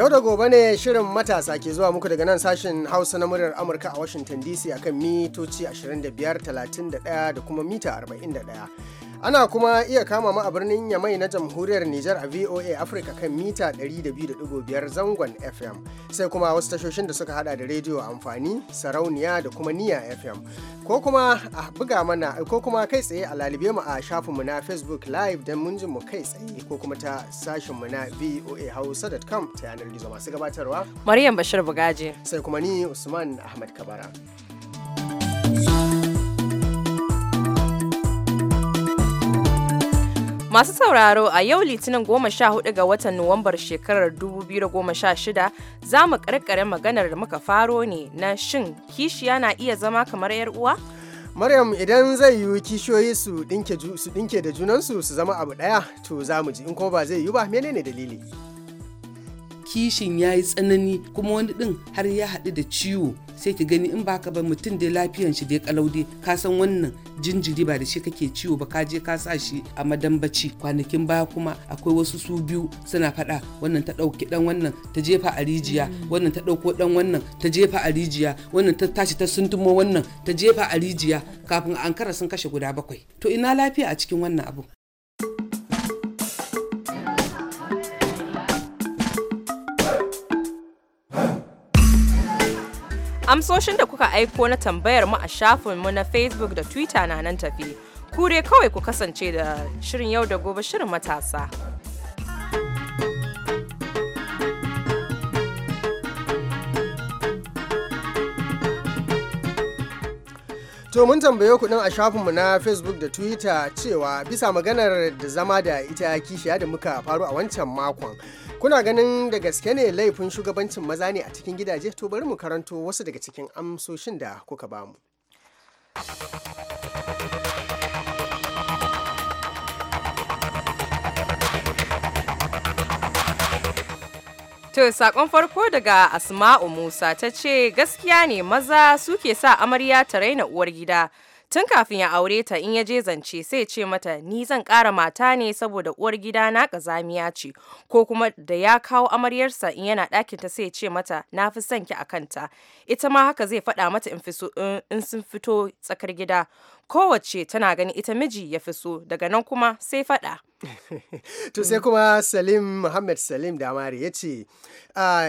Yau da gobe ne shirin matasa ke zuwa muku daga nan sashen Hausa na muryar Amurka a Washington DC akan mitoci 25, 31 da kuma mita 41. Ana kuma iya kama mu a birnin Yamai na jamhuriyar Nijar a VOA Africa kan mita 200.5 zangon FM sai kuma wasu tashoshin da suka hada da rediyo amfani sarauniya da kuma niya FM ko kuma a buga mana ko kuma kai tsaye a lalibe mu a shafinmu na Facebook live don mun mu kai tsaye ko kuma ta sashinmu na voahausa.com ta yanar gizo masu gabatarwa Maryam Bashir Bugaje sai kuma ni Usman Ahmad Kabara. Masu sauraro a yau Litinin goma sha hudu ga watan Nuwambar shekarar 2016 za mu karkare maganar da muka faro ne na shin kishiya na iya zama kamar 'yar uwa? Maryam idan zai yiwu kishiyoyi su dinke da junansu su zama abu daya to za mu ji in kuma ba zai yiwu ba menene dalili? kishin ya yi tsanani kuma wani ɗin har ya haɗu da ciwo sai ki gani in baka ba mutum dai lafiyan shi ya kalaude ka san wannan jinjiri ba da shi kake ciwo ba ka je ka sa shi a madambaci kwanakin baya kuma akwai wasu su biyu suna faɗa wannan ta ɗauki ɗan wannan ta jefa a rijiya wannan ta ɗauko ɗan wannan ta jefa a rijiya wannan ta tashi ta suntumo wannan ta jefa a rijiya kafin ankara sun kashe guda bakwai to ina lafiya a cikin wannan abu Amsoshin da kuka aiko na tambayar mu a shafinmu na Facebook da Twitter na nan tafi. Kure kawai ku kasance da shirin yau da gobe shirin matasa. To mun tambaye ku a shafinmu na Facebook da Twitter cewa bisa maganar da zama da ita kishiya da muka faru a wancan makon. Kuna ganin da gaske ne laifin shugabancin maza ne a cikin gidaje to bari mu karanto wasu daga cikin amsoshin da kuka bamu. To sakon farko daga Asma'u Musa ta ce gaskiya ne maza suke sa amarya ta raina uwar gida tun kafin ya aure ta in ya je zance sai ce mata ni zan ƙara mata ne saboda uwar gida na ƙazamiya ce ko kuma da ya kawo amaryarsa in yana ta sai ce mata na fi son ki a kanta ita ma haka zai faɗa mata in sun fito tsakar gida kowace tana ganin ita miji ya fi so daga nan kuma sai faɗa. to sai mm. kuma salim muhammad salim damari ya ce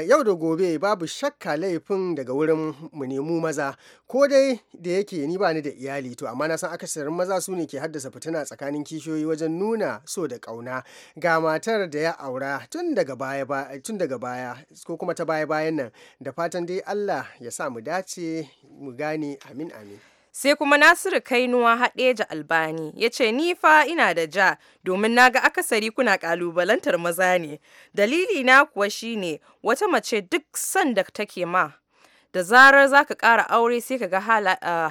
yau da gobe babu shakka laifin daga wurin mu nemu maza ko dai da yake ni ba ni da iyali to amma na san akasarin maza su ne ke haddasa fitina tsakanin kishiyoyi wajen nuna so da kauna ga matar da ya aura tun daga baya tun daga baya ko kuma ta baya bayan nan da fatan dai allah ya sa mu dace mu gane amin amin sai kuma nasiru kainuwa haɗeja albani ya ce ni fa ina da ja domin naga akasari kuna ƙalubalantar maza ne dalili na kuwa shine wata mace duk sanda take ma da zarar za ka ƙara aure sai ka ga ah,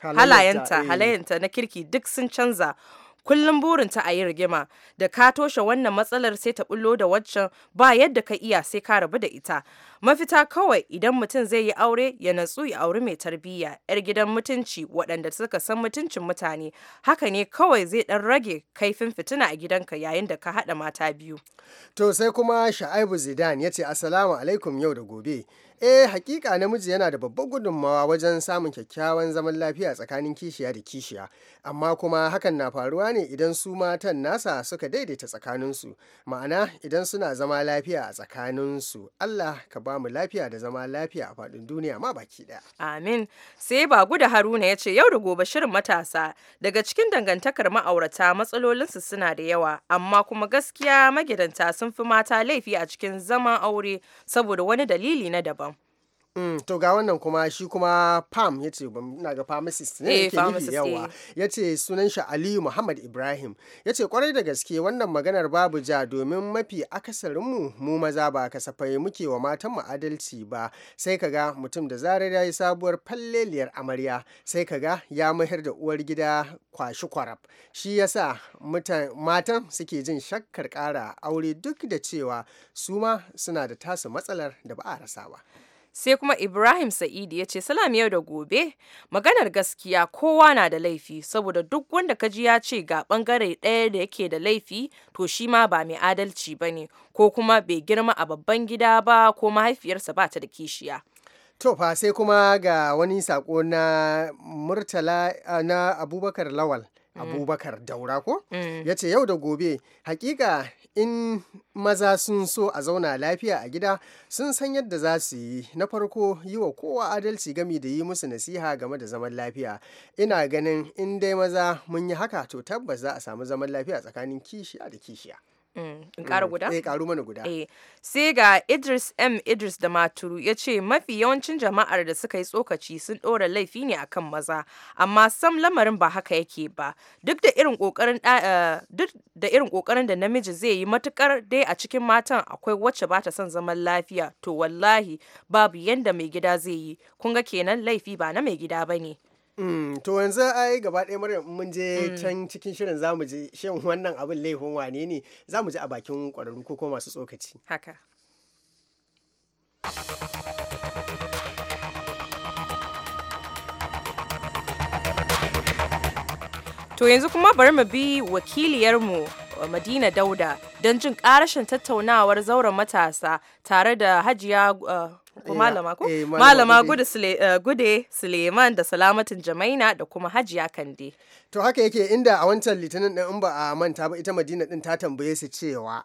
halayenta eh. na kirki duk sun canza kullum burinta a yi rigima da ka toshe wannan matsalar sai ta bullo da waccan ba yadda ka iya sai ka rabu da ita mafita kawai idan mutum zai yi aure ya natsu ya auri mai tarbiyya yar gidan mutunci waɗanda suka san mutuncin mutane haka ne kawai zai ɗan rage kaifin fitina a gidanka yayin da ka haɗa mata biyu to sai kuma sha'aibu zidan ya ce assalamu alaikum yau da gobe eh hakika namiji yana da babbar gudunmawa wajen samun kyakkyawan zaman lafiya tsakanin kishiya da kishiya amma kuma hakan na faruwa ne idan su matan nasa suka daidaita tsakaninsu ma'ana idan suna zama lafiya a tsakaninsu allah ka ba mu lafiya da zama lafiya a faɗin duniya ma baki ɗaya amin sai ba guda haruna ya ce yau da gobe shirin matasa daga cikin dangantakar ma'aurata matsalolinsu suna da yawa amma kuma gaskiya magidanta sun fi mata laifi a cikin zaman aure saboda wani dalili na daban Mm, to ga wannan kuma shi kuma pam ya ce na ga pharmacist ne eh, ke nufi yawa ya ce sunan shi aliyu muhammad ibrahim ya ce kwarai da gaske wannan maganar babu ja domin mafi akasarinmu mu maza ba kasafai muke wa matan mu adalci ba sai kaga mutum da zarar ya sabuwar falleliyar amarya sai kaga ya mahir da uwar gida kwashi kwarab shi yasa matan suke jin shakkar kara aure duk da cewa su ma suna da tasu matsalar da ba a rasa ba sai kuma ibrahim sa'idi ya ce salam yau da gobe maganar gaskiya kowa na da laifi saboda duk wanda ka ji ya ce ga bangare ɗaya da yake da laifi to shi ma ba mai adalci ba ne ko kuma bai girma a babban gida ba ko mahaifiyarsa ba ta da kishiya to fa sai kuma ga wani sako na murtala na abubakar lawal mm. abubakar daura ko mm. ya ce yau da gobe hakika in maza sun so a zauna lafiya a gida sun san yadda za su yi na farko yi wa kowa adalci gami da yi musu nasiha game da zaman lafiya ina ganin in dai maza mun yi haka to tabbas za a samu zaman lafiya tsakanin kishiya da kishiya Mm, in mm, ƙara guda? Eh ƙaru mana guda. Eh sai ga Idris M Idris da Maturu ya ce mafi yawancin jama'ar da suka yi tsokaci sun ɗora laifi ne akan maza amma sam lamarin ba haka yake ba duk da irin ƙoƙarin eh, duk da irin ƙoƙarin da namiji zai yi matukar dai a cikin matan akwai wacce ba ta son zaman lafiya to wallahi babu yanda mai gida zai yi kun ga kenan laifi ba na mai gida bane. Mm, to yanzu ai gaba ɗaya maryam mun je mm. can cikin shirin zamu ji shin wannan abin laifin wane ne zamu ji a bakin ƙwararru ko kuma masu tsokaci haka To yanzu kuma bari mu bi wakiliyarmu uh, Madina Dauda don jin ƙarashin tattaunawar zauren matasa tare da Hajiya uh, malama ko eh, malama eh, gude suleiman da salamatin jamaina da kuma hajiya kande to haka yake inda a wancan litinin din in ba a manta ba ita madina din ta tambaye su cewa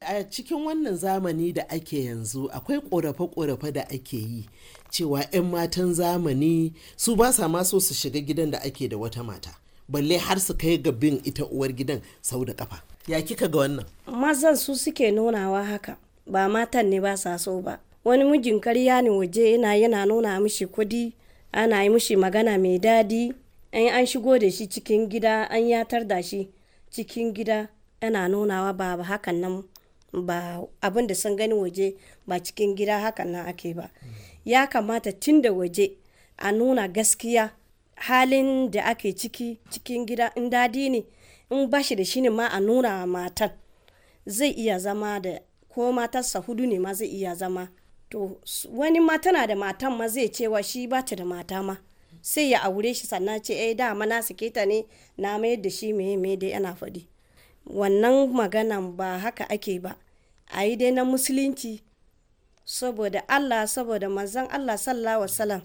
a cikin wannan zamani da ake yanzu akwai ƙorafe korafe da ake yi cewa 'yan matan zamani su ba sa ma su shiga gidan da ake da wata mata balle har su kai ga bin ita uwar gidan sau da kafa ya kika ga wannan mazan su suke nunawa haka ba matan ne ba sa so ba wani mijin karya ne waje yana yana nuna mishi kudi ana yi mishi magana mai dadi an an shigo da shi cikin gida an yatar da shi cikin gida ana nunawa ba ba hakan nan ba abin da sun gani waje ba cikin gida hakan nan ake ba ya kamata tun da waje a nuna gaskiya halin da ake ciki cikin gida in dadi ne in bashi da shi ne ma a nuna matan zai iya zama da ko matarsa hudu ne ma zai iya zama to wani ma tana da matan ma zai cewa shi ba ta da mata ma sai ya aure shi sannan ce eh dama na su ta ne na mayar da shi meye meye dai ana faɗi wannan maganan ba haka ake ba a yi dai na musulunci saboda allah saboda manzon allah sallallahu wasallam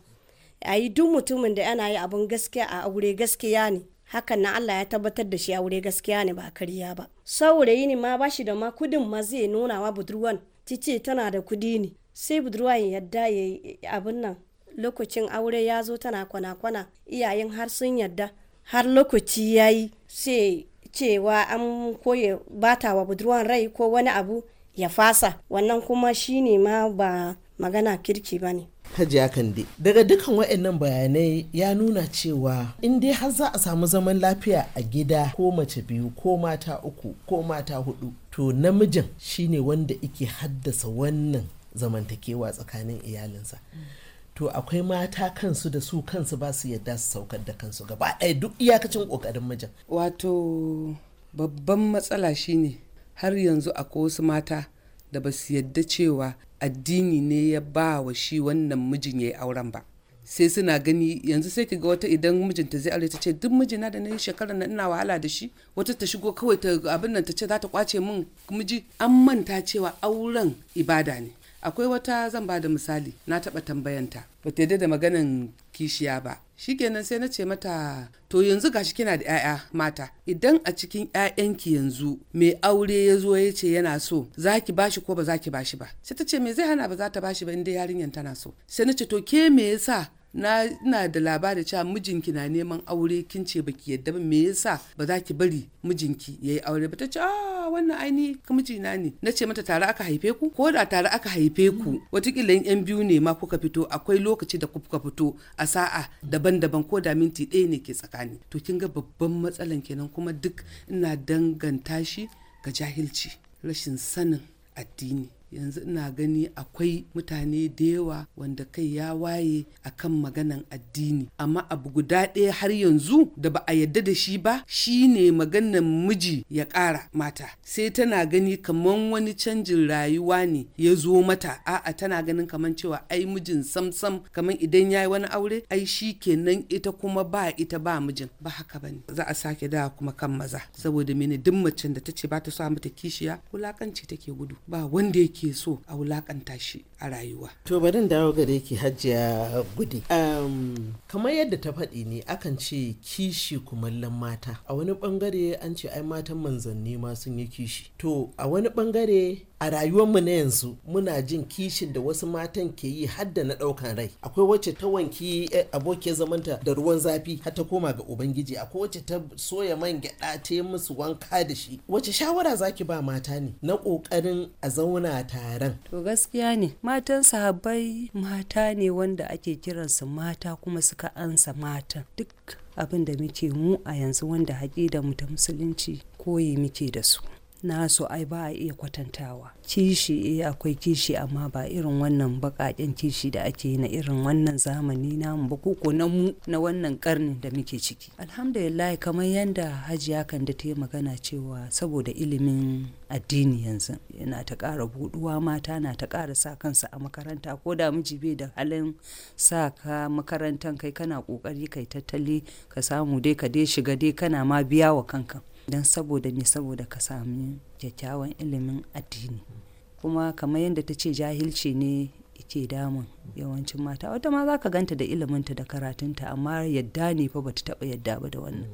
a yi duk mutumin da yana yi abin gaskiya a aure gaskiya ne hakan na Allah ya tabbatar da shi aure gaskiya ne ba karya ba saurayi ne ma bashi da ma kudin ma zai nuna wa budurwan cice tana da kudi ne sai budurwan yadda ya abin nan lokacin aure ya zo tana kwana-kwana iyayen har sun yadda har lokaci ya yi sai cewa an koye bata wa budurwan rai ko wani abu ya fasa wannan kuma shine ma ba magana kirki ba ne hajiya kande daga dukan waɗannan bayanai ya nuna cewa in dai har za a samu zaman lafiya a gida ko mace biyu ko mata uku ko mata hudu to namijin shine wanda ike haddasa wannan zamantakewa tsakanin iyalinsa to akwai mata kansu da su kansu ba su yadda su saukar da kansu gaba ɗaya duk iyakacin ƙoƙarin mijin wato babban matsala shine har yanzu akwai wasu mata da ba su yadda cewa addini ne ya ba wa shi wannan mijin ya yi auren ba sai suna gani yanzu sai ga wata idan mijinta zai aure ta ce duk mijina da na yi shekarar na ina wahala da shi wata ta shigo kawai ta abin nan ta ce za ta kwace min miji an manta cewa auren ibada ne akwai wata zan ba da misali na taba tambayanta ba ta da maganan kishiya ba shikenan sai na ce mata to yanzu gashi kina da 'ya'ya mata idan a cikin 'ya'yanki yanzu mai aure ya zo ya ce yana so za ki bashi ko ba za ki bashi ba sai ta ce me zai hana ba za ta bashi ba in dai yarinyar tana so sai na ce to ke me yasa na ina da labarin cewa mijinki na neman aure kin ce baki yadda ba me yasa ba za ki bari mijinki ya yi aure ba ta ce ah wannan aini mijina ne na ce mata tare aka haife ku ko da tare aka haife ku watakila yan biyu ne ma kuka fito akwai lokaci da kuka fito a sa'a daban-daban ko da minti ɗaya ne ke tsakani to kin ga babban matsalan kenan kuma duk ina danganta shi ga jahilci rashin sanin addini yanzu ina gani akwai mutane da yawa wanda kai ya waye akan maganan addini amma abu guda ɗaya har yanzu da ba a yadda da shi ba shine maganan miji ya ƙara mata sai tana gani kamar wani canjin rayuwa ne ya zo mata a'a tana ganin kaman cewa ai mijin samsam kamar idan ya yi wani aure ai shi kenan ita kuma ba ita ba mijin ba haka ba ne za a sake da kuma kan maza saboda mene duk macen da ta ce ba ta sa mata kishiya wulakanci take gudu ba wanda yake yake so a wulakanta shi a rayuwa. To bari dawo gare ki hajiya gudi. Um, kamar yadda ta faɗi ne akan ce kishi kumallon mata. A wani ɓangare an ce ai matan manzanni ma sun yi kishi. To a wani ɓangare a mu na yanzu muna jin kishin da wasu matan ke yi har da na ɗaukan rai akwai wacce ta wanki eh, abokiyar zamanta da ruwan zafi har ta koma ga ubangiji akwai wacce ta soya man gyaɗa ta yi musu wanka da shi wace shawara zaki ba mata ne na ƙoƙarin a zauna taron to gaskiya ne matan sahabbai mata ne wanda ake kiransu mata kuma suka ansa matan duk abin da muke mu a yanzu wanda haƙi da mu ta musulunci koyi muke da su nasu ai ba a iya kwatantawa kishi eh akwai kishi amma ba irin wannan bakaƙen kishi da ake yi na irin wannan zamani namu ba ko na mu na wannan karnin da muke ciki alhamdulillah kamar yanda hajiya kan da ta yi magana cewa saboda ilimin addini yanzu yana ta ƙara buɗuwa mata na ta ƙara sa kansa a makaranta ko da miji bai da halin sa ka makarantan kai kana ƙoƙari kai tattali ka samu dai ka dai shiga dai kana ma biya wa kanka don saboda me saboda ka sami kyakkyawan ilimin addini kuma kamar yadda ta ce jahilci ne ke damun yawancin mata wata ma za ka ganta da iliminta da karatunta amma yadda ne fa bata taba yadda ba da wannan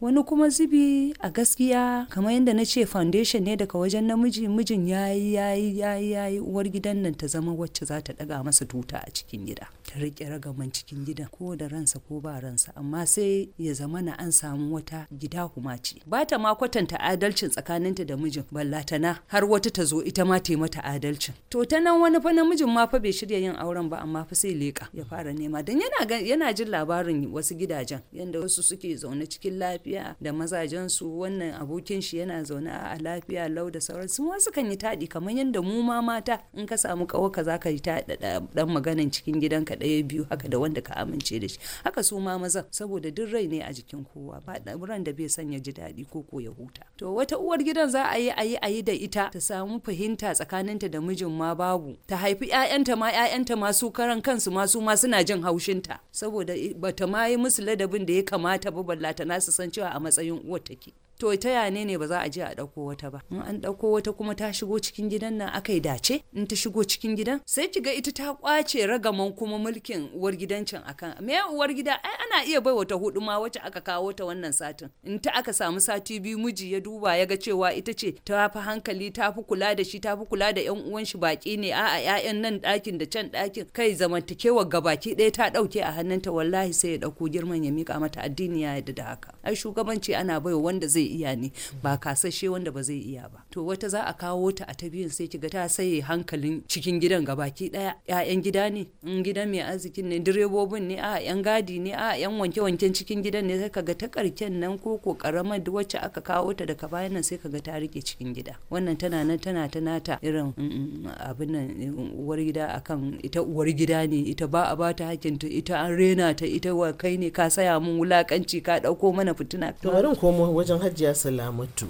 wani kuma zubi a gaskiya kamar yadda na ce foundation ne daga wajen namiji mijin ya yi ya yi uwar gidan nan ta zama wacce za ta daga masa tuta a cikin gida ta rike ragaman cikin gida ko da ransa ko ba ransa amma sai ya zama na an samu wata gida kuma ce ba ta ma kwatanta adalcin tsakaninta da mijin balla tana har wata ta zo ita ma ta mata adalcin to ta nan wani fa namijin ma fa bai shirya yin auren ba amma fa sai leka ya fara nema don yana jin labarin wasu gidajen yadda wasu suke zaune cikin lafiya lafiya da mazajen su wannan abokin shi yana zaune a lafiya lau da sauran su wasu kan yi taɗi kamar yadda mu ma mata in ka samu ƙawarka za ka yi taɗi ɗan maganan cikin gidan ka ɗaya biyu haka da wanda ka amince da shi haka su ma mazan saboda duk rai ne a jikin kowa ba ran da bai sanya ji daɗi ko ko ya huta to wata uwar gidan za a yi a yi a yi da ita ta samu fahimta tsakaninta da mijin ma babu ta haifi 'ya'yanta ma 'ya'yanta ma su karan kansu ma su ma suna jin haushinta saboda bata ma yi musu ladabin da ya kamata ba ballata na su san cewa a matsayin uwar take to ta yane ne ba za a je a ɗauko wata ba in an ɗauko wata kuma ta shigo cikin gidan nan aka yi dace in ta shigo cikin gidan sai ki ga ita ta kwace ragaman kuma mulkin uwar gidancin akan me uwar gida ai ana iya bai wata hudu ma wacce aka kawo ta wannan satin in ta aka samu sati biyu miji ya duba ya ga cewa ita ce ta fi hankali ta fi kula da shi ta fi kula da yan uwan shi baki ne a'a ƴaƴan nan ɗakin da can ɗakin kai zamantakewa gabaki ɗaya ta ɗauke a hannunta wallahi sai ya ɗauko girman ya mika mata addini ya yarda da haka ai shugabanci ana baiwa wanda zai iya ne ba kasashe wanda ba zai iya ba to wata za a kawo ta a ta biyun sai kiga ta saye hankalin cikin gidan gabaki daya ƴaƴan gida ne in gida mai arzikin ne direbobin ne a ƴan gadi ne a ƴan wanke wanken cikin gidan ne sai kaga ta karken nan ko ko karamar wacce aka kawo ta daga baya nan sai kaga ta rike cikin gida wannan tana nan tana ta nata irin mm, mm, abin nan uwar gida akan ita uwar gida ne ita ba a bata hakkin ita an rena ta ita wa kai ne ka saya mun wulakanci ka dauko mana fitina mintuna komo wajen hajiya salamatu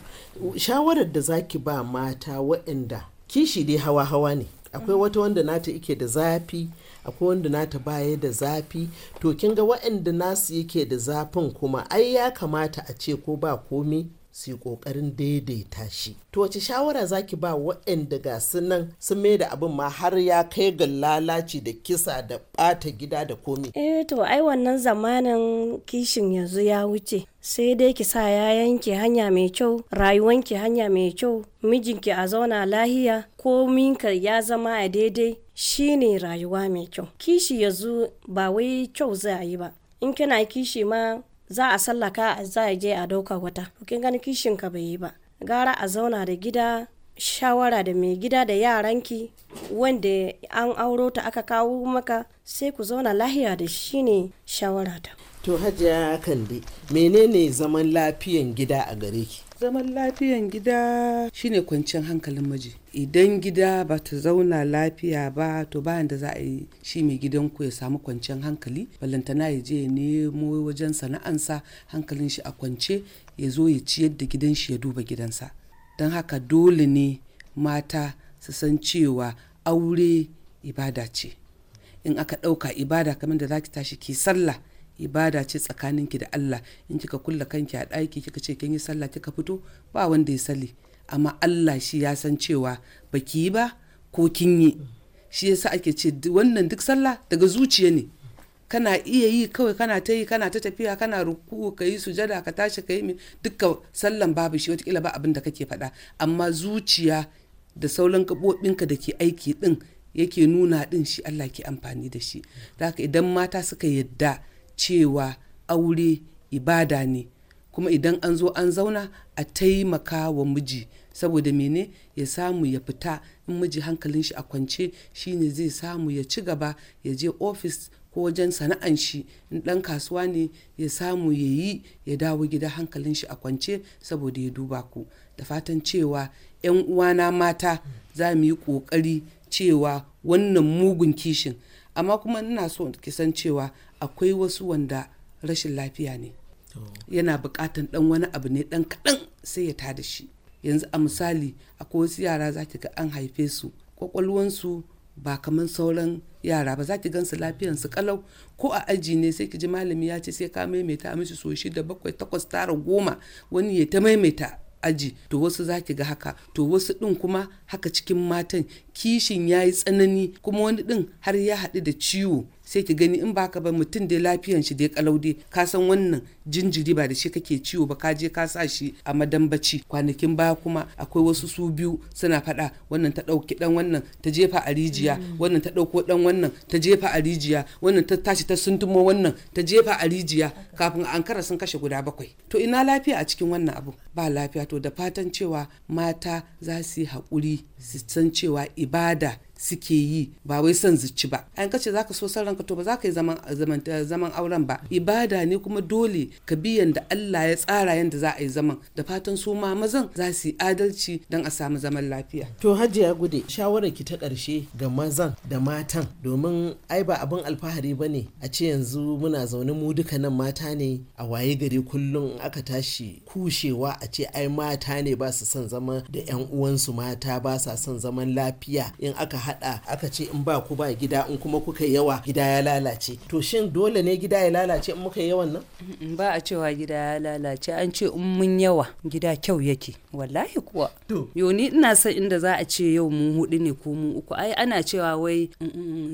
shawarar da zaki ba mata waɗanda kishi dai hawa hawa ne akwai mm. wata wanda nata ike da zafi akwai wanda nata baya da zafi to kin ga waɗanda nasu yake da zafin kuma ai ya kamata a ce ko ba komi su yi ƙoƙarin daidaita shi to wace shawara zaki ba waɗanda ga su nan sun mai da abin ma har ya kai ga lalaci da kisa da ɓata gida da komi eh to ai wannan zamanin kishin yanzu ya wuce sai dai ki sa ya yanke hanya mai kyau rayuwanki hanya mai kyau mijinki a zauna lahiya kominka ya zama a daidai shi ne rayuwa mai kyau kishi yanzu ba wai kyau za a yi ba in kina kishi ma za a sallaka za a je a dauka wata kin gani kishin ka bai yi ba gara a zauna da gida shawara da mai gida da yaranki wanda an auro ta aka kawo maka sai ku zauna lahiya da shi ne ta. to hajiya kande menene zaman lafiyan gida a gare ki zaman lafiyan gida shine kwanciyar hankalin miji idan gida ba ta zauna lafiya ba to bayan da za a yi shi mai gidanku ya samu kwanciyar hankali balantana ya je ya nemo wajen sana'ansa hankalin shi a kwance ya zo ya ci yadda gidan shi ya duba gidansa don haka dole ne mata su san cewa aure ibada ce in aka ɗauka ibada kamar da za ki tashi ki sallah ibada ce tsakanin ki da Allah in kika kulla kanki a ɗaki kika ce kin yi sallah kika fito ba wanda ya sali amma Allah shi ya san cewa baki yi ba ko kin yi shi yasa ake ce wannan duk sallah daga zuciya ne kana iya yi kawai kana ta yi kana ta tafiya kana ruku ka yi sujada ka tashi ka yi duka sallan babu shi kila ba abin da kake faɗa amma zuciya da sauran gaɓoɓinka da ke aiki ɗin yake nuna ɗin shi Allah ke amfani da shi haka idan mata suka yadda cewa aure ibada ne kuma idan an zo an zauna a taimaka wa miji saboda mene ya samu ya fita in miji hankalin shi a kwance shine zai samu ya ci gaba ya je ofis ko wajen sana'an shi in dan kasuwa ne ya samu ya yi ya dawo gida hankalin shi a kwance saboda ya duba ku da fatan cewa 'yan uwana mata za mu yi ƙoƙari cewa wannan mugun kishin amma kuma ina so kisan cewa akwai wasu wanda rashin lafiya ne yana buƙatan ɗan wani abu ne ɗan kaɗan sai ya tada shi yanzu a misali akwai wasu yara za ki ga an haife su kwakwalwansu ba kamar sauran yara ba za ki gansu lafiyansu kalau ko a aji ne sai ki ji malami ya ce sai ka maimaita mishi so shida bakwai takwas tara goma wani ya ta maimaita aji to wasu za ki ga haka to wasu ɗin kuma haka cikin matan kishin ya yi tsanani kuma wani ɗin har ya haɗu da ciwo sai ki gani in baka ba mutum dai lafiyan shi dai kalau dai ka san wannan jinjiri ba da shi kake ciwo ba ka je ka sa shi a madambaci kwanakin baya kuma akwai wasu su biyu suna faɗa wannan ta ɗauki ɗan wannan ta jefa a rijiya mm. wannan ta ɗauko ɗan wannan ta jefa a rijiya wannan ta tashi ta suntumo wannan ta jefa a rijiya kafin ankara sun kashe guda bakwai to ina lafiya a cikin wannan abu ba lafiya to da fatan cewa mata za su yi haƙuri su san cewa ibada suke yi ba wai son zuci ba an kace zaka so san ranka to ba zaka yi eh, zaman auren ba ibada ne kuma dole ka biyan da Allah ya tsara yanda za a yi zaman da fatan su ma mazan za su yi adalci don a samu zaman lafiya to hajiya gude shawarar ki ta karshe ga mazan da matan domin ai ba abin alfahari bane a ce yanzu muna zaune mu duka nan mata ne a waye gari kullum aka tashi kushewa a ce ai mata ne ba su son zama da yan uwansu mata ba sa son zaman lafiya in aka hada aka ce in ba ku ba gida in kuma kuka yawa gida ya lalace to shin dole ne gida ya lalace in muka yawan nan ba a cewa gida ya lalace an ce in mun yawa gida kyau yake wallahi kuwa yoni ina son inda za a ce yau mu hudu ne ko mu uku ai ana cewa wai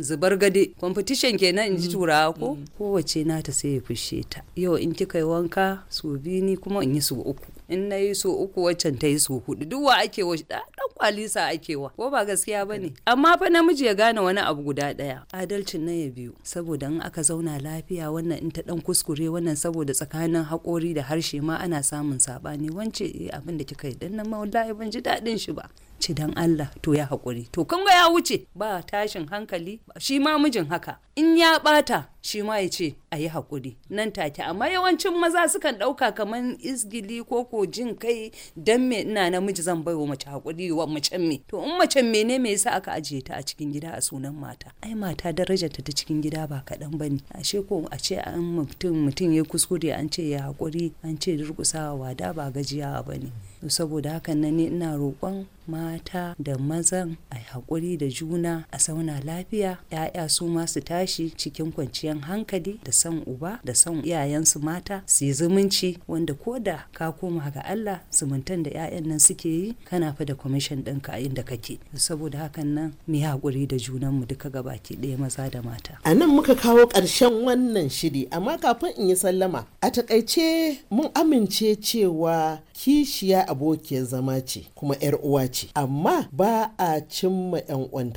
zubar gade competition kenan in ji turawa ko kowace nata sai ya fushe ta yau in kika yi wanka su biyu ni kuma in yi su uku in na yi so uku waccan ta yi so hudu duk wa ake wa dan ah, kwalisa ake wa ko ba gaskiya ba ne amma fa namiji ya gane wani abu guda daya adalcin na ya biyu saboda in aka zauna lafiya wannan in ta dan kuskure wannan saboda tsakanin haƙori da harshe ma ana samun sabani wance eh, abin da kika yi dan nan ma wallahi ban ji dadin shi ba ci dan Allah to ya haƙuri to kun ga ya wuce ba tashin hankali shi ma mijin haka in ya bata shi ma ya ce a yi haƙuri nan take amma yawancin maza sukan ɗauka kamar izgili ko ko jin kai dan me ina namiji zan bai wa mace haƙuri wa macen me to in mace me ne me yasa aka ajiye ta a cikin gida a sunan mata ai mata darajarta ta cikin gida ba kaɗan ba ne she ko a ce an mutum mutum ya kuskure an ce ya haƙuri an ce wa wada ba gajiyawa ba ne saboda haka nan ne ina roƙon mata da mazan a haƙuri da juna a sauna lafiya 'ya'ya su ma su tashi cikin kwanciyar kwanciyar hankali da son uba da son iyayensu mata su yi zumunci wanda ko da ka koma ga Allah zumuntan da 'ya'yan nan suke yi kana fa da kwamishin ɗinka a inda kake saboda hakan nan mu yi haƙuri da junanmu duka gabaki ɗaya maza da mata. A nan muka kawo ƙarshen wannan shiri amma kafin in yi sallama a taƙaice mun amince cewa kishiya abokiyar zama ce kuma 'yar uwa ce amma ba a cimma 'yan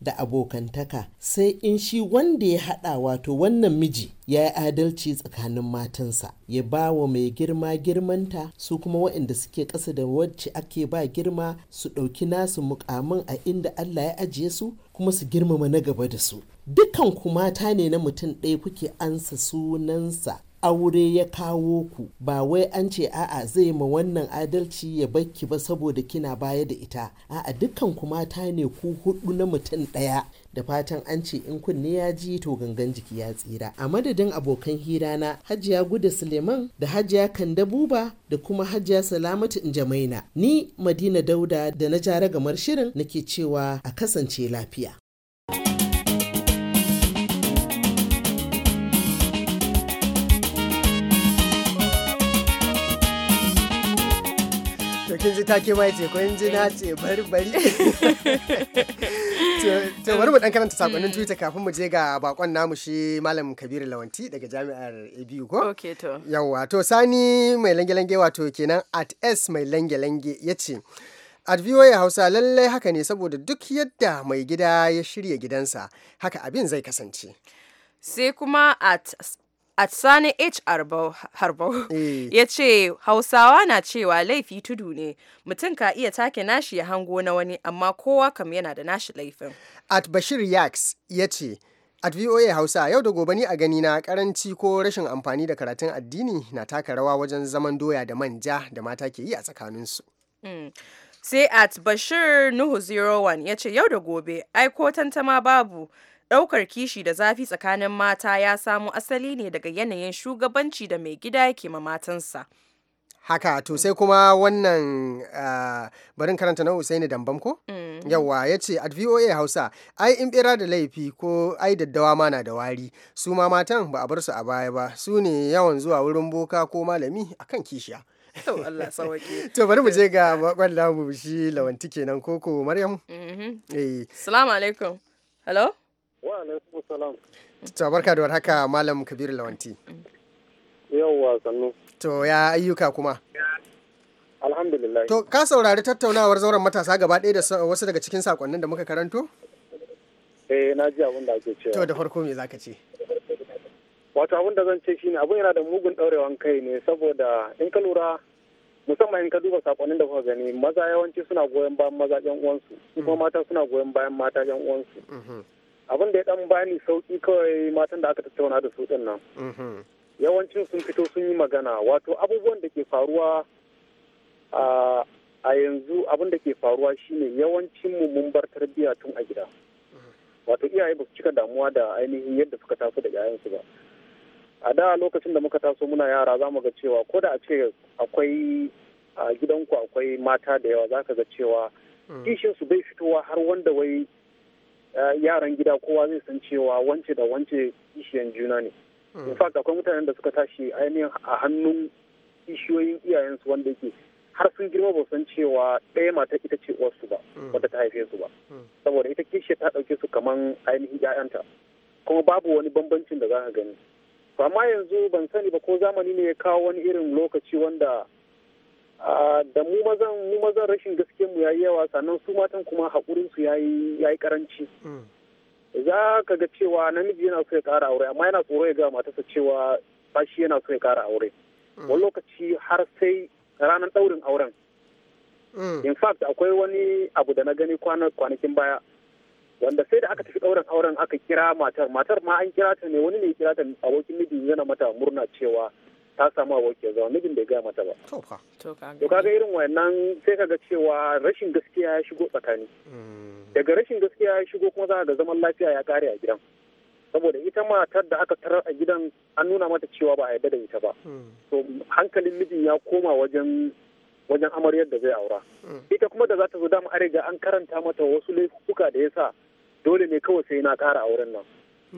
da abokantaka sai in shi wanda ya haɗa wato wannan miji ya yi adalci tsakanin matansa ya ba wa mai girma girmanta su kuma waɗanda suke ƙasa da wacce ake ba girma su ɗauki nasu mukamin a inda Allah ya ajiye su kuma su girmama na gaba da su dukkan ku mata ne na mutum ɗaya kuke ansa sunansa aure ya kawo ku ba wai an ce a'a zai ma wannan adalci ya bakki ba saboda kina baya da ita a'a dukkan ku mata ne ku hudu na mutum ɗaya da fatan an ce in kunne ya ji to gangan jiki ya tsira a madadin abokan hira na hajiya guda suleiman da hajiya kanda buba da kuma hajiya salamatu injamaina ni madina dauda da na jara gamar shirin nake cewa a kasance lafiya kin ji take mai ce kun ji na ce bari bari to bari mu dan karanta sakonnin Twitter kafin mu je ga bakon namu shi Malam Kabiru Lawanti daga Jami'ar ABU ko okay to yawa to sani mai lange-lange wato kenan at S mai lange-lange yace a ya hausa lallai haka ne saboda duk yadda mai gida ya shirya gidansa haka abin zai kasance sai kuma at sani H. Harbo eh. ya ce Hausawa na cewa laifi tudu ne mutum ka iya take nashi ya hango na wani amma kowa kam yana da nashi laifin. At Bashir Yaks ya ce At VOA Hausa yau da gobe ni a gani na karanci ko rashin amfani da karatun addini na taka rawa wajen zaman doya da manja da mata ke yi a tsakaninsu. Hmm. Sai at Bashir Nuhu 01 ya ce yau da gobe ai ko tantama babu Ɗaukar kishi da zafi tsakanin mata ya samo asali ne daga yanayin shugabanci da mai gida yake ma matansa. haka to sai kuma wannan barin karanta na Usaini Dambam ko? Mm-hmm. Yawwa ya ce at VOA Hausa ai in bera da laifi ko ai daddawa ma na da wari su ma matan ba a bar su a baya ba su ne yawan zuwa wurin boka ko malami akan kishiya. To bari mu je ga bakon lamu shi lawanti kenan koko Maryam. Mm Salamu alaikum. Hello? wa alaikum salam to barka da warhaka malam kabir lawanti yawwa sannu to ya ayyuka kuma alhamdulillah to ka saurari tattaunawar zauren matasa gaba ɗaya da wasu daga cikin sakonnin da muka karanto eh na ji abin da ake cewa to da farko me zaka ce wato abin da zan ce shine abin yana da mugun daurewan kai ne saboda in ka lura musamman in ka duba sakonnin da kuka gani maza yawanci suna goyon bayan maza yan uwansu kuma mm. mata suna goyon bayan mata yan uwansu mm-hmm. abin da ya dan bani sauki kawai matan da aka tattauna da su din nan mhm. yawancin sun fito sun yi magana wato abubuwan da ke faruwa a yanzu abin da ke faruwa shine yawancin mu mun bar tarbiya tun a gida wato iyaye ba su cika damuwa da ainihin yadda suka taso da 'ya'yansu ba a da lokacin da muka taso muna yara za mu ga cewa ko da a ce akwai a gidanku akwai mata da yawa za ka ga cewa mm. kishinsu bai fitowa har wanda wai Eh, yaran gida kowa zai san cewa wance da wance kishiyar juna ne hmm. in fact akwai mutanen da suka tashi ainihin a hannun kishiyoyin iyayensu wanda yake har sun girma ba san cewa ɗaya mata ita ce uwarsu ba hmm. wadda ta haife su ba hmm. saboda ita kishiya ta ɗauke su kaman ainihin 'ya'yanta kuma babu wani bambancin da za ka gani amma yanzu ban sani ba ko zamani ne ya kawo wani irin lokaci wanda Ah, da mu mazan mu mazan rashin gaske mu yayi yawa sannan su matan kuma hakurin su yayi yayi karanci mm. za ka ga cewa namiji yana so ya kara aure amma yana tsoro ya ga matarsa cewa ba shi yana so ya kara aure mm. wani lokaci har sai ranar daurin auren mm. in fact akwai wani abu da na gani kwanakin baya wanda sai da aka tafi ɗaurin auren aka kira matar matar ma an kira ta ne wani ne kira ta abokin miji yana mata murna cewa ta samu abokin zama mijin bai gaya mata ba. To kaga irin wannan sai kaga cewa rashin gaskiya ya shigo tsakani. Mm. Daga rashin gaskiya ya shigo kuma za ga zaman lafiya ya kare a gidan. Saboda ita matar da aka tarar a gidan an nuna mata cewa ba a yarda da ita ba. Mm. To hankalin mijin ya koma wajen wajen amaryar da zai aura. Mm. Ita kuma da za ta zo dama a riga an karanta mata wasu laifuka da ya sa dole ne kawai sai na kara auren nan.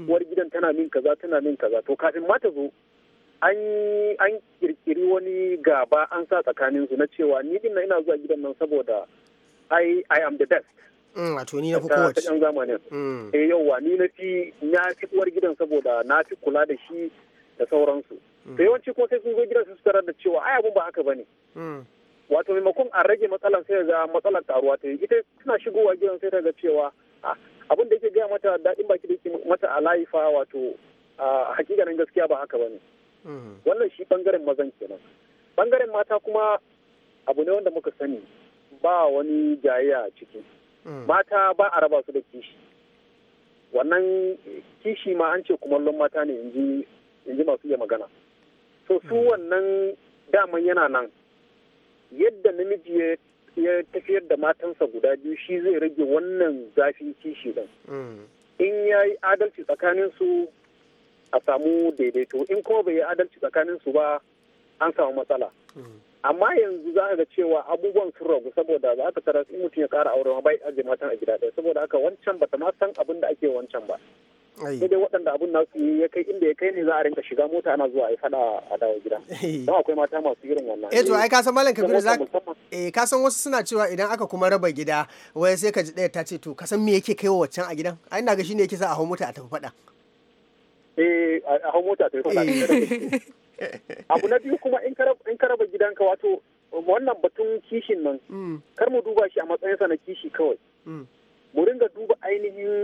Uwar gidan tana min kaza tana min kaza to kafin ma ta zo an kirkiri wani gaba an sa tsakanin su na cewa ni din ina zuwa gidan nan saboda I, am the best. Mm, wato ni na fi kowace. Ta zamanin. Mm. Eh yauwa ni na fi na fi uwar gidan saboda na fi kula da shi da sauransu. Da mm. yawanci kuma sai sun zo gidan su tarar da cewa ai abun ba haka bane. Wato maimakon a rage matsalar sai ga matsalar karuwa ta yi ita suna shigowa gidan sai ta ga cewa ah, abin da yake gaya mata daɗin baki da yake mata a laifa wato a ah, hakikanin gaskiya ba haka bane. wannan shi bangaren mazan kenan bangaren mata kuma abu ne wanda muka sani ba wani jayayya a ciki mm. mata ba a raba su da kishi wannan kishi ma an ce kumallon mata ne in ji masu iya magana so su mm. wannan daman yana nan yadda namiji ya tafiyar da matansa guda biyu shi zai rage wannan zafin kishi din mm. in ya yi adalci tsakanin su a samu daidaito in kuma bai yi adalci tsakanin su ba an samu matsala amma yanzu za ga cewa abubuwan sun ragu saboda za ka tarar in mutum ya kara aure ma bai ajiye matan a gida ɗaya saboda haka wancan ba ta ma san abin da ake wancan ba sai dai waɗanda abin na su ya kai inda ya kai ne za a rinka shiga mota ana zuwa a fada a dawo gida don akwai mata masu irin wannan eh to ai ka san malam kabiru za eh ka san wasu suna cewa idan aka kuma raba gida wai sai ka ji ɗaya ta ce to ka san me yake kai waccan a gidan ai ina ga shine yake sa a hau mota a tafi fada eh a hau mota ta eh. abu na biyu kuma in ka raba gidanka wato wannan batun kishin nan mm. kar mu duba shi a matsayinsa na kishi kawai mm. mu ringa duba ainihin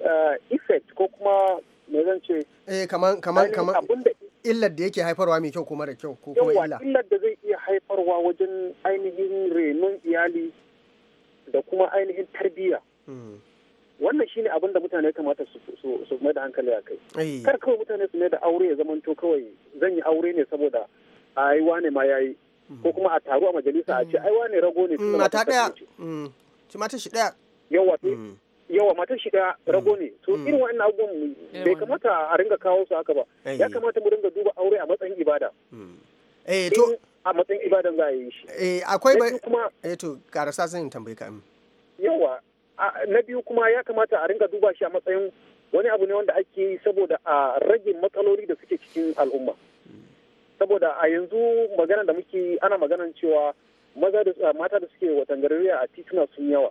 eh, effect ko kuma me zan ce eh kaman kaman kaman illar da yake haifarwa mai kyau ko mara kyau ko kuma illa illar da zai iya haifarwa wajen ainihin renon iyali da kuma ainihin tarbiyya mm. wannan shine abin da mutane kamata su mai da hankali a kai eh. kar kawai mutane su mai da aure ya zamanto kawai zan yi aure ne saboda ai wane ma yayi mm. ko kuma a taru a majalisa a ce mm. ai wane rago ne mm, mata daya ci mata shi daya yawa yawa shi daya eh, rago ne to irin wa'annan abubuwan eh, bai kamata a ringa kawo su haka ba ya kamata mu ringa duba aure a matsayin ibada eh to a matsayin ibadan za a yi shi eh akwai ba eh to karasa zan tambaye ka na biyu kuma ya kamata a ringa duba shi a matsayin wani abu ne wanda ake yi saboda a rage matsaloli da suke cikin al'umma saboda a yanzu magana da muke ana maganan cewa maza da mata da suke watan a tituna sun yawa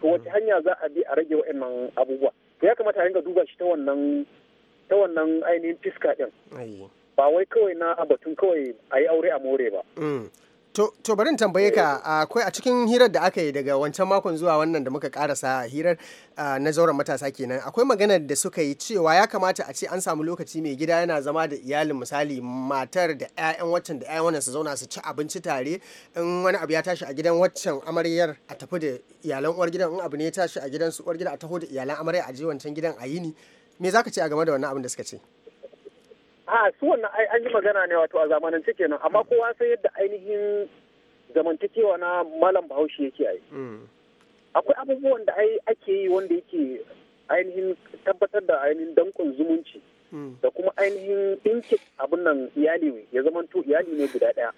to wace mm. hanya za a bi a rage wa'annan abubuwa to ya kamata a ringa duba shi ta wannan ainihin fiska ɗin ba wai kawai na batun kawai a yi aure a more ba mm. To barin tambaye ka akwai a cikin hirar da aka yi daga wancan makon zuwa wannan da muka karasa hirar na zauren matasa kenan akwai maganar da suka yi cewa ya kamata a ce an samu lokaci mai gida yana zama da iyalin misali matar da 'ya'yan waccan da 'ya'yan wannan su zauna su ci abinci tare in wani abu ya tashi a gidan waccan amaryar a tafi da iyalan uwar gidan in abu ne ya tashi a gidan su uwar gida a taho da iyalan amarya a je wancan gidan a yini me zaka ce a game da wannan abin da suka ce? a su wannan ai an yi magana ne wato a zamanance kenan amma hmm. kowa sai yadda ainihin zamantakewa na malam bahaushe yake ai hmm. akwai abubuwan da ake yi wanda yake ainihin tabbatar da ainihin dankon zumunci da kuma ainihin ɗinke abin nan iyali ya zama to iyali ne guda daya.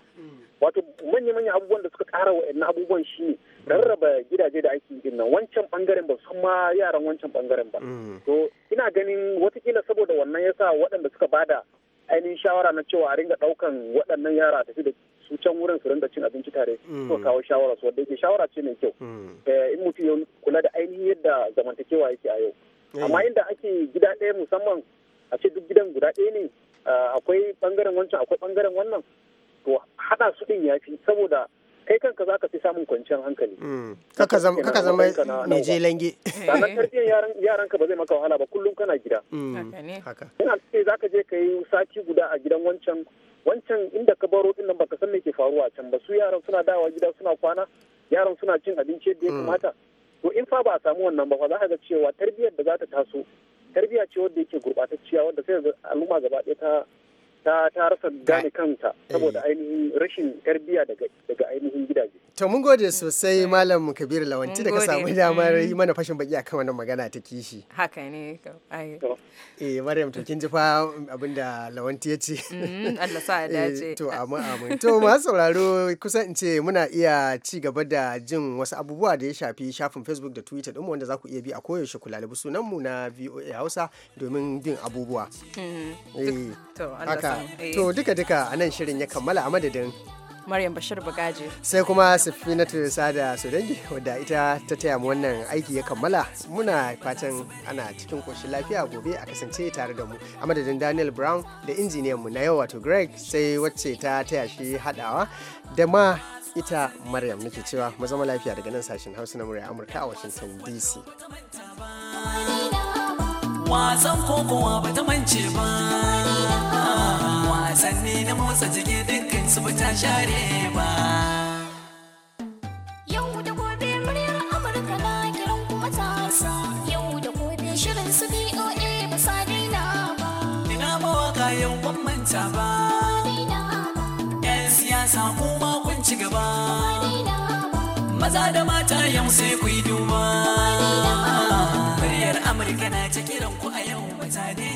wato manya-manya abubuwan da suka kara wa'annan abubuwan shi ne rarraba gidaje da ake yi nan wancan bangaren ba san ma yaran wancan bangaren ba mm. to ina ganin watakila saboda wannan yasa waɗanda suka bada ainihin shawara na cewa a ringa ɗaukan waɗannan yara tafi da su can wurin su rinda cin abinci tare mm. ko kawo shawara su wanda yake shawara ce mai kyau mm. eh, in mutum ya kula da ainihin yadda zamantakewa yake a yau eh. amma inda ake gida ɗaya musamman a ce duk gidan guda ɗaya ne akwai bangaren wancan akwai bangaren wannan to haɗa su ɗin ya fi saboda kai kanka za ka fi samun kwanciyar hankali. Mm. Kaka zama mai lange. Sannan tarbiyyar yaran ka ba zai maka wahala ba kullum kana gida. Mm. Haka Yana ce za ka je ka yi sati guda a gidan wancan wancan inda ka baro ɗin nan baka san me ke faruwa can ba su yaran suna dawa gida suna kwana yaran suna cin abinci yadda ya mm. kamata. To in fa ba a samu wannan ba fa za ka ga cewa tarbiyyar da za ta taso tarbiyya ce wadda yake gurɓatacciya wadda sai al'umma gaba ɗaya ta ta ta rasa gane kanta saboda eh. ainihin rashin karbiya daga daga ainihin gidaje to mun gode sosai malam kabir lawanti da ka samu damar mm. yi mana fashin baki akan wannan magana ta kishi haka ne eh maryam to kin ji fa abinda lawanti ya ce mm, Allah sa ya eh, dace to amma amma to masu sauraro kusan in ce muna iya ci gaba da jin wasu abubuwa da ya shafi shafin facebook da twitter din wanda za ku iya bi a koyaushe kula da sunan mu na voa hausa domin bin abubuwa mm. eh. To, Haka. To, duka-duka a nan shirin ya kammala a madadin. Maryam Bashir Bugaji. Sai kuma Safinatu da Sodangi wadda ita ta taya mu wannan aiki ya kammala. Muna fatan ana cikin koshin lafiya gobe a kasance tare da mu. A madadin Daniel Brown da injiniyan mu na yau wato Greg sai wacce ta taya shi hadawa da ma ita Maryam nake cewa mu zama lafiya daga nan sashen Hausa na murya Amurka a Washington DC. Wasan kokowa ba ta mance ba. wasanni na motsa jiki dukkan su ta share ba yau da gobe muryar amurka na kiran kuma tasa yau da gobe shirin su boa ba sa daina ba ina mawaka yau ban manta ba yan siyasa kuma kun ci gaba maza da mata yau sai ku yi duba muryar amurka na ta kiran ku a yau ba ta daina